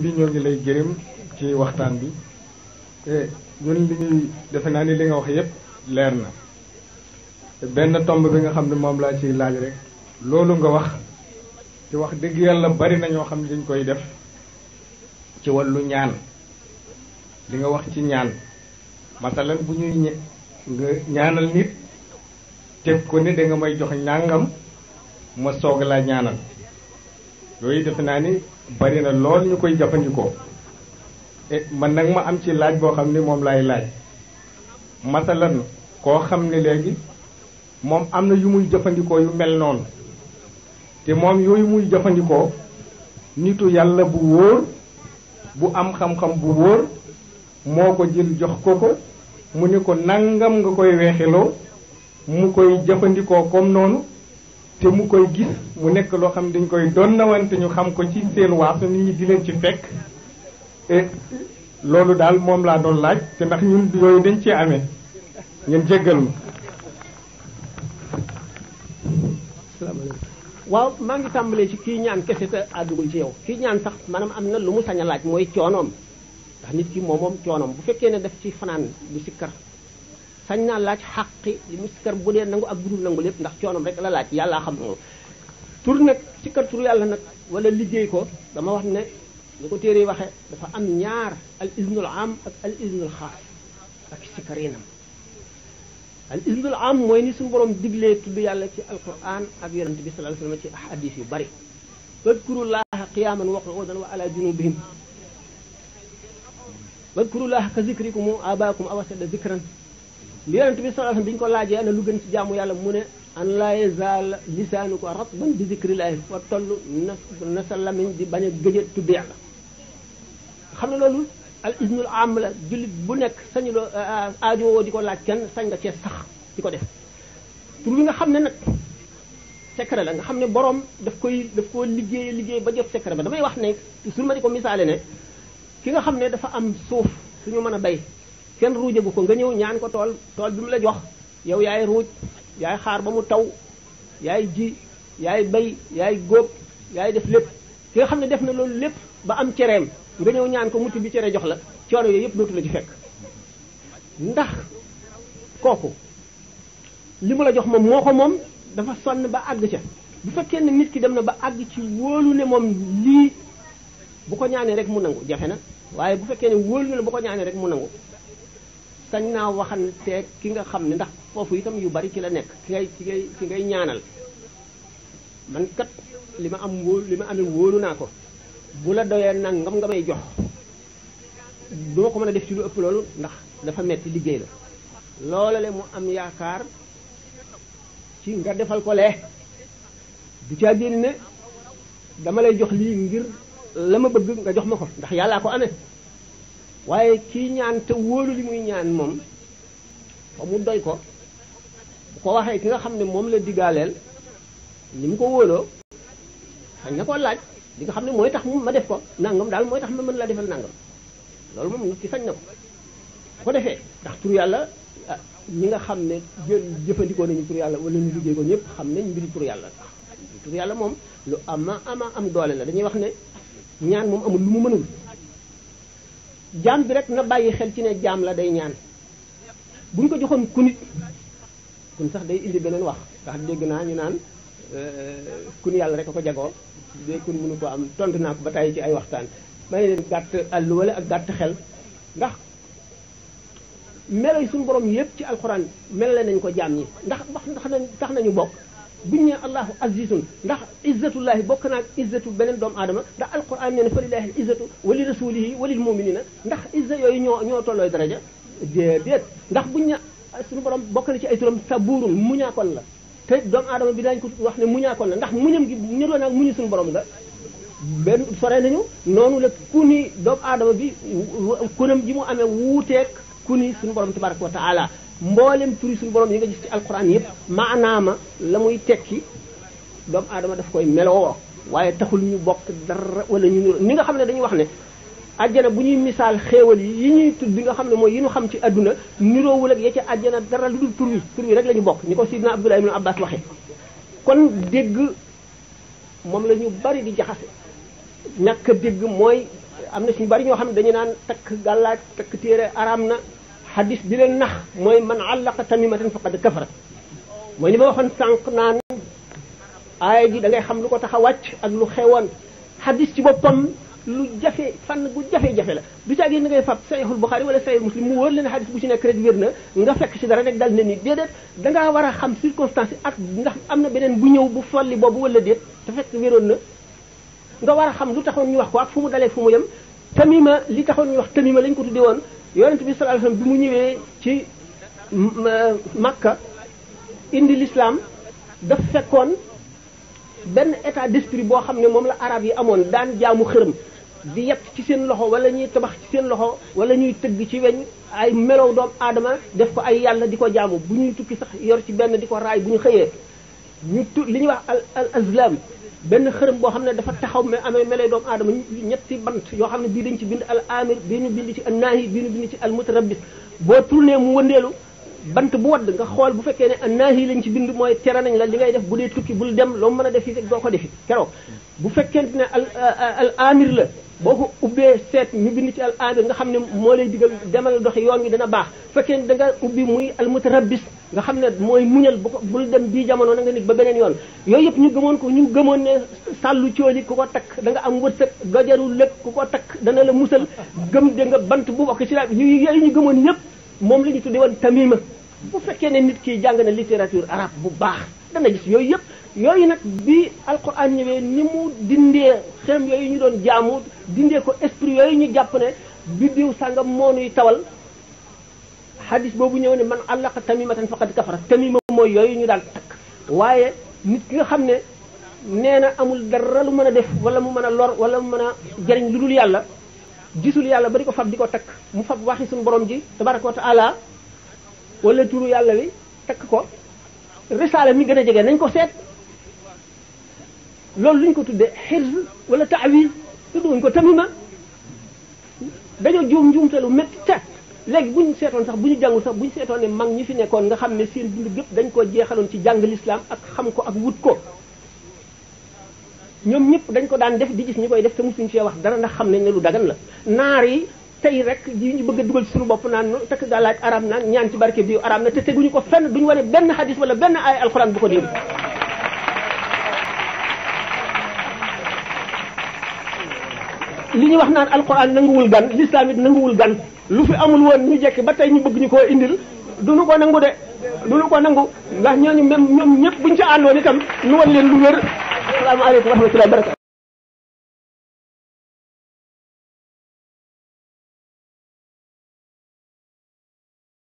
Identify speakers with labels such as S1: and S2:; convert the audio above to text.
S1: bi ñoo ngi lay gërëm ci waxtaan bi ñun li ñuy defe naa ni li nga wax yépp leer na benn tomb bi nga xam ne moom laa ciy laaj rek loolu nga wax ci wax dëgg yàlla bari na ñoo xam ne dañ koy def ci wàllu ñaan li nga wax ci ñaan masalan bu ñuy ñe nga ñaanal nit teg ko ni da nga may jox njàngam ma soog laa ñaanal yooyu defe naa ni bari na lool ñu koy jëfandikoo e, man nag ma am ci laaj boo xam ni moom laay laaj masalan koo xam ne léegi moom am na yu muy jëfandikoo yu mel noonu te moom yooyu muy jëfandikoo nitu yàlla bu wóor bu am xam-xam bu wóor moo ko jël jox ko ko mu ni ko nangam nga koy weexiloo mu koy jëfandikoo kom noonu te mu koy gis mu nekk loo xam ne dañ koy doon nawante ñu xam ko ci seen waaso nit ñi di leen ci fekk loolu daal moom laa doon laaj te ndax ñu yooyu dañ ci amee ngeen jéggal
S2: ma waaw maa ngi tàmbalee ci kii ñaan kese te àddugul ci yow kii ñaan sax maanaam am na lu mu sañ laaj mooy coonoom ndax nit ki moom moom coonoom bu fekkee ne def ci fanaan du sikkar sañ naa laaj xaqi li mu sikkar bu dee nangu ak budul nangu lépp ndax coonom rek la laaj yàllaa xam nangu tur nag sikkar tur yàlla nag wala liggéey ko dama wax ne li ko téere waxe dafa am ñaar al isnul am ak al isnul ak sikkar yinam al isnul am mooy ni su borom diglee tudd yàlla ci alquran ak yonent bi sallallahu alayhi wasallam ci hadis yu bari wadkurullaha qiyaman wa qu'udan wa ala junubihim wadkurullaha ka zikrikum abaakum aw ashadda zikran li yonent bi sallallahu alayhi wasallam bi ñu ko laajee ana lu gën ci jaamu yàlla mu ne an laa yazaal lisaanuka ratban bi zikrillah fa toll na na sa lamiñ di bañ a gëj a tudd yàlla xam ne loolu al ismul am la jullit bu nekk sañu loo aajowoo di ko laaj kenn sañ nga cee sax di ko def tur nga xam ne nag secret la nga xam ne borom daf koy daf koo liggéey liggéey ba jot secret ba damay wax ne toujours ma di ko misaale ne ki nga xam ne dafa am suuf suñu mën a bay kenn ruujagu ko nga ñëw ñaan ko tool tool bi mu la jox yow yaay ruuj yaay xaar ba mu taw yaay ji yaay bay yaay góob yaay def lépp ki nga xam ne def na loolu lépp ba am cereem nga ñëw ñaan ko mucc bi cere jox la cooro yooyu yëpp dootu la ci fekk ndax kooku li mu la jox moom moo ko moom dafa sonn ba àgg ca bu fekkee ne nit ki dem na ba àgg ci wóolu ne moom lii bu ko ñaanee rek mu nangu jafe na waaye bu fekkee ne wóolu ne bu ko ñaanee rek mu nangu sañ naa waxanteeg ki nga xam ne ndax foofu itam yu bari ci la nekk ki ngay ki ngay ki ngay ñaanal man kat li ma am wóolu li ma amee wóolu naa ko bu la doyee nag ngam nga may jox du ma ko mën a def ci lu ëpp loolu ndax dafa metti liggéey la loola le mu am yaakaar ci nga defal ko lee du caa génn ne dama lay jox lii ngir la ma bëgg nga jox ma ko ndax yàllaa ko amee waaye kii ñaan te wóolu li muy ñaan moom ba mu doy ko bu ko waxee ki nga xam ne moom la digaaleel ni mu ko wóoloo xañ na koo laaj li nga xam ne mooy tax mu ma def ko nangam daal mooy tax ma mën laa defal nangam loolu moom nit ki sañ na ko bu ko defee ndax tur yàlla ah, ñi nga xam ne jël jëfandikoo nañu pour yàlla walla ñu liggéey ko ñëpp xam nañ mbiri pour yàlla pour yàlla moom lu ama ama am doole la dañuy wax ne ñaan moom amul lu mu mënul jaam bi rek na bàyyi xel ci ne jaam la day ñaan buñ ko joxoon ku nit kun sax day indi beneen wax ndax dégg naa ñu naan euh, kun yàlla rek a ko jagoo de kun mënu ko am tont naa ko ba tàyyi ci ay waxtaan may leen gàtt àll wala ak gàtt xel ndax melo yi suñu borom yépp ci alxuraan mel nañ ko jaam ñi ndax wax ndax nañ tax nañu bokk buñ ne allahu azizun ndax izzatullahi bokk ak izzatu beneen doomu aadama ndax alquran nee na fa lillahi al izzatu wa li rasulihi wa lil muminina ndax izza yooyu ñoo ñoo tollooy daraja déedéet ndax buñ ne suñu borom bokk na ci ay turam sabuurun muñaakoon la te doomu aadama bi daañu ko wax ne mu muñaakoon la ndax mu muñam gi ñëroon naag muñu suñu borom la benn sore nañu noonu la ku ni doomu aadama bi kunam ji mu amee wuuteeg ku ni suñu borom tabaraka wa taala mboolem turi suñu borom yi nga gis ci alquran yëpp maanaama la muy tekki doomu adama daf koy meloo waaye taxul ñu bokk dara wala ñu ni nga xam ne dañuy wax ne ajjana bu ñuy misaal xéewal yi yi ñuy tudd bi nga xam ne mooy yi ñu xam ci adduna niroowul ak ya ca ajjana dara lu dul tur wi tur rek la ñu bokk ñu ko sidna Abdullah ibn Abbas waxe kon dégg moom la ñu bari di jaxase ñàkk dégg mooy am na suñu bari ñoo xam ne dañu naan takk gàllaaj takk téere araam na xadis di leen nax mooy man àllaqa tamimatan faqad kafara mooy li ma waxoon sànq naan aaya ji da ngay xam lu ko tax wàcc ak lu xewoon xadis ci boppam lu jafe fànn gu jafe-jafe la du caa génn ngay fab sayxul Buxaari wala sayxul Muslim mu wóor leen xadis bu ci nekk rek wér na nga fekk ci dara rek dal ne nii déedéet dangaa war a xam circonstance yi ak ndax am na beneen bu ñëw bu folli boobu wala déet te fekk wéroon na nga war a xam lu taxoon ñu wax ko ak fu mu dalee fu mu yem tamima li taxoon ñu wax tamima lañ ko tudde woon yonent bi sallallahu alayhi bi mu ñëwee ci euh, Makka indi lislaam daf fekkoon benn état d'esprit boo xam ne moom la arab yi amoon daan jaamu xërëm di yett ci seen loxo wala ñuy tabax ci seen loxo wala ñuy tëgg ci weñ ay melow doomu aadama def ko ay yàlla di ko jaamu bu ñuy tukki sax yor ci benn di ko raay bu ñu xëyee ñu tu li ñuy wax al al azlam benn xërëm boo xam ne dafa taxaw mais amee melay doomu aadama ñetti bant yoo xam ne bii dañ ci bind al amir bii ñu bind ci al naahi bii ñu bind ci al mutarabbis boo tourné mu wëndeelu bant bu wadd nga xool bu fekkee ne an naahi lañ ci bind mooy tere nañ la di ngay def bu dee tukki bul dem loo mën a def yi doo ko defi keroog bu fekkente ne al al la boo ko ubbee seet ñu bind ci al aada nga xam ne moo lay digal demal doxi yoon wi dana baax fekkee ne da nga ubbi muy al nga xam ne mooy muñal bu ko bul dem bii jamono na nga nit ba beneen yoon yooyu yëpp ñu gëmoon ko ñu gëmoon ne sàllu cooli ku ko takk da nga am wërsëg gajaru lëg ku ko takk dana la musal gëm de bant bu bokk ci la yu yooyu ñu gëmoon yëpp moom la ñu tudde woon tamima bu fekkee ne nit ki jàng na littérature arabe bu baax dana gis yooyu yëpp yooyu nag bi alquran ñëwee ni mu dindee xem yooyu ñu doon jaamu dindee ko esprit yooyu ñu jàpp ne biddiw sàngam moo yi tawal hadis boobu ñëw ne man allaqa tamimatan faqad kafara tamima mooy yooyu ñu daal takk waaye nit ki nga xam ne nee na amul dara lu mën a def wala mu mën a lor wala mu mën a jariñ lu dul yàlla gisul yàlla ba di ko fab di ko takk mu fab waxi suñu borom ji tabaraka wa taala wala turu yàlla wi takk ko risaala mi gën a jege nañ ko seet loolu luñ ko tuddee xirz wala taawil tudduñ ko tamima dañoo juum njuumte lu métti teg léegi bu ñu seetoon sax bu ñu jàngul sax bu ñu seetoon ne mag ñi fi nekkoon nga xam ne seen dund gépp dañ ko jeexaloon ci jàng lislaam ak xam ko ak wut ko ñoom ñépp dañ ko daan def di gis ñu koy def te mosuñ see wax dara ndax xam nañ ne lu dagan la naar yi tay rek di ñu bëgg duggal suñu bopp naan tak gaa laaj aram naan ñaan ci barke bi aram na te teguñu ko fenn duñu wone benn hadis wala benn ay alquran bu ko dindi li ñu wax naan alquran nanguwul gan l'islam it nanguwul gan lu fi amul woon ñu jekk ba tey ñu bëgg ñu koo indil duñu ko nangu de duñu ko nangu ndax ñooñu même ñoom ñëpp buñ ci àndoon itam ñu wan leen lu wér asalaamaaleykum wa rahmatullahi wa barakatu